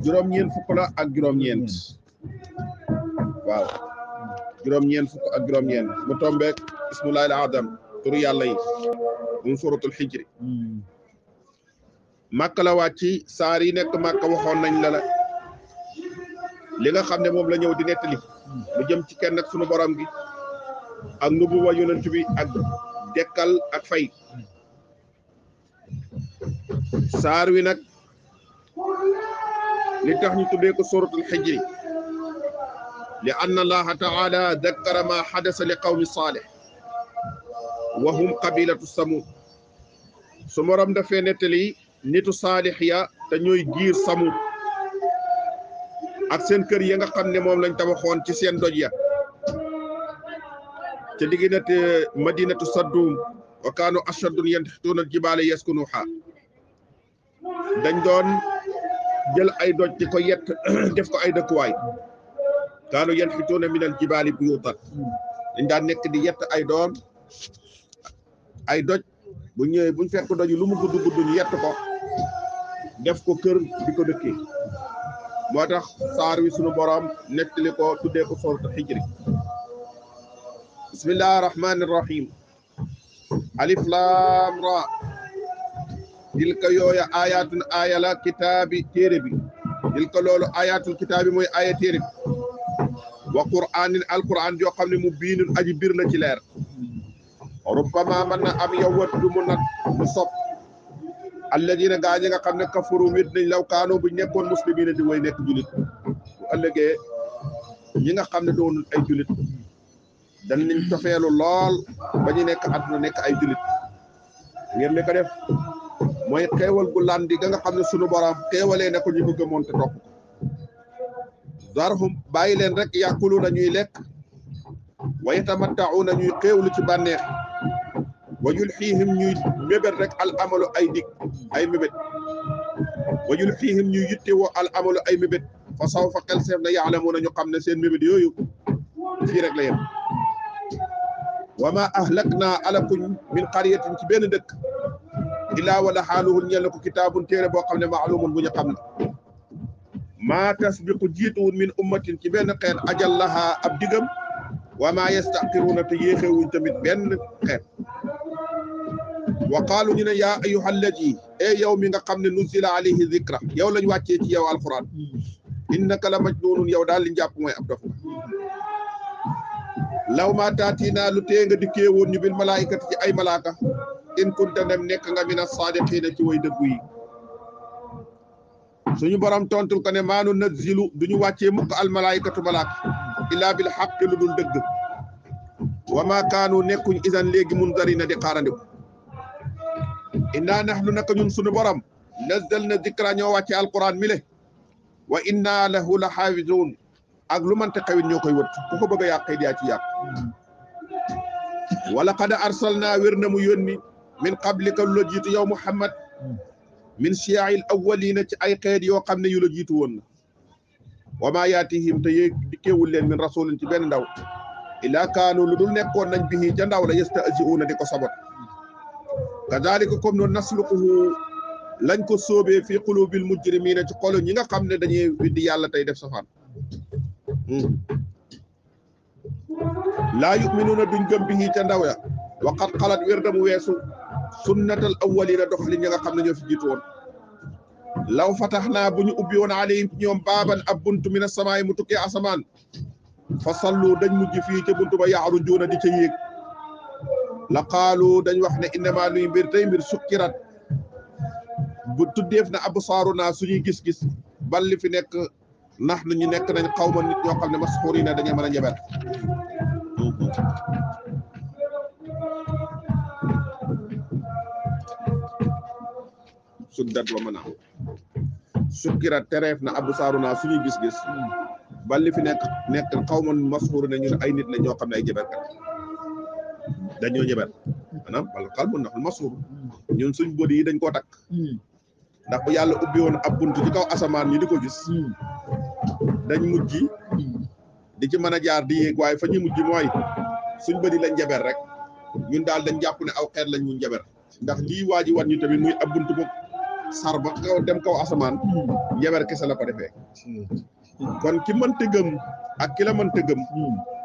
juróom-ñeent fukk la ak juróom-ñeent waaw juróom-ñeent fukk ak juróom-ñeent mu tombeek ismullahi al adam turu yàlla yi mun suratul xijri màkk la wàcci saar yi nekk màkk waxoon nañ la la li xam ne moom la ñëw di nettali lu jëm ci kenn ak sunu borom gi ak nubuwa yonent bi ak dekkal ak fay saar wi nag li tax ñu tuddee ko suratul xijri li anna allaha taala dakkara ma xadasa li qawmi saalih wa hum qabilatu samud su morom dafee nettali nitu saalix ya te ñooy giir samud ak seen kër ya nga xam ne moom lañ tabaxoon ci seen doj ya ca diggante madinatu saddum wa kaanu ashadun yantixtuuna aljibaala yaskunuha dañ doon jël ay doj di ko yett def ko ay dëkkuwaay kaanu yan xituuna min al jibaali buyuutan dañ daan nekk di yett ay doom ay doj bu ñëwee buñ fekk doju lu mu gudd gudd ñu ko def ko kër di ko dëkkee moo tax saar wi sunu boroom nettali ko tuddee ko sooratu xijri bismillahi rahmaani rahim alif laam ra tilka yooya ayatul aaya la kitaabi téere bi tilka loolu ayatul kitaabi mooy aaya téere bi wa qur'aanin alqur'aan yoo xam ne mu biinun aji bir la ci leer rubbama mën na am yow wat du mu nat mu sopp alladina gaa ñi nga xam ne kafaru wét nañ law kaanoo bu nekkoon muslimina di way nekk julit bu ëllëgee ñi nga xam ne doonul ay julit danañ cofeelu lool ba ñu nekk àdduna nekk ay julit ngeen ne ko def moy xewal gu landi nga xamne sunu borom xewale ne ko ñu bëgg monté top darhum ko zarhum rek yàqulu na ñuy lekk wa yatamattau na ñuy xeewlu ci banex wajul fihim ñuy mébét rek al amalu ay dik ay mébét wajul fihim ñuy yitté wo al amalu ay mébét fa sawfa xel seef na yaalamuuna ñu xam ne seen mébét yoyu fii rek la yem wa ma ahlakna alakuñ min qariyatin ci benn dëkk ilaa wala xaaluhul ñeel na ko kitaabun téere boo xam ne maalumun bu ñu xam ne maa tasbiqu jiituwun min ummatin ci benn xeet ajal lahaa ab digam wa maa yastaqiruuna te yéexewuñ tamit benn xeet wa qaalu ñu ne yaa ayuha alladi e yow mi nga xam nuzila alayhi zikra yow lañ wàccee ci yow alquran innaka la majnunun yow daal li njàpp mooy ab dof law ma taatiinaa lu tee nga dikkee woon ñu bil malaayikati ci ay malaaka in kunta ndem nekk nga mina saadiqiina ci way dëggu yi suñu borom tontul ko ne maanu nazilu duñu wàccee mukk almalaayikatu malaak illaa bil xaqi lu dul dëgg wa nekkuñ isan léegi munzarina di xaarandiku innaa nahnu naka ñun suñu borom nazzal na zikra ñoo wàccee alquran mi le wa inna lahu la ak lu mante xewit ñoo koy ku ko bëgg a yàq kay yaa ci yàq wala qad arsalnaa wér mu yónni من قبل قبلك لوجيت يا محمد من شياع الاولين تي اي قيد يو خامني يو لوجيت وون وما ياتيهم تي ديكيول لين من رسول تي بن داو الا كانوا لودول نيكون نان بي جا داو لك يستاجيون ديكو سابوت كذلك كوم نون نسلقه لنكو سوبي في قلوب المجرمين تي خولو نيغا خامني داني ويد يالا سفان لا يؤمنون دون جنبه تندويا وقد قالت ويردم ويسو sunnatal awwalina dox li ña nga xam ne ñoo fi jiitu woon law fatax naa bu ñu ubbi woon aleyhim ci ñoom baaban ab buntu mina samaay mu tukkee asamaan fa sallu dañ mujj fii ca buntu ba yaaru juuna di ca yéeg la qaalu dañ wax ne innama luy mbir tey mbir sukkirat bu tuddeef na absaaru naa gis gis-gis bal li fi nekk ndax ñu nekk nañ xaw nit ñoo xam ne masxuur yi ne su dat mën a sukira teref na abu saruna naa suñuy gis-gis balli fi nek nek xaw ma masxuur ne ñun ay nit la ñoo xamne ne ay jëberkat dañoo jëber maanaam wala xal mu ndax masxuur ñun suñ bodi yi dañ ko tak ndax bu yalla ubbi won ab buntu ci kaw asaman ni diko gis dañ mujji di ci mën jaar di yéeg fa ñu mujj suñ bodi lañ jaber rek ñun dal dañ jàpp ne aw xeet lañ mu jaber ndax li waji wat ñu tamit muy ab bunt sar ba xaw dem kaw asamaan yaber kese la ko defee hmm. kon ki mënta gëm ak ki la mënta gëm hmm.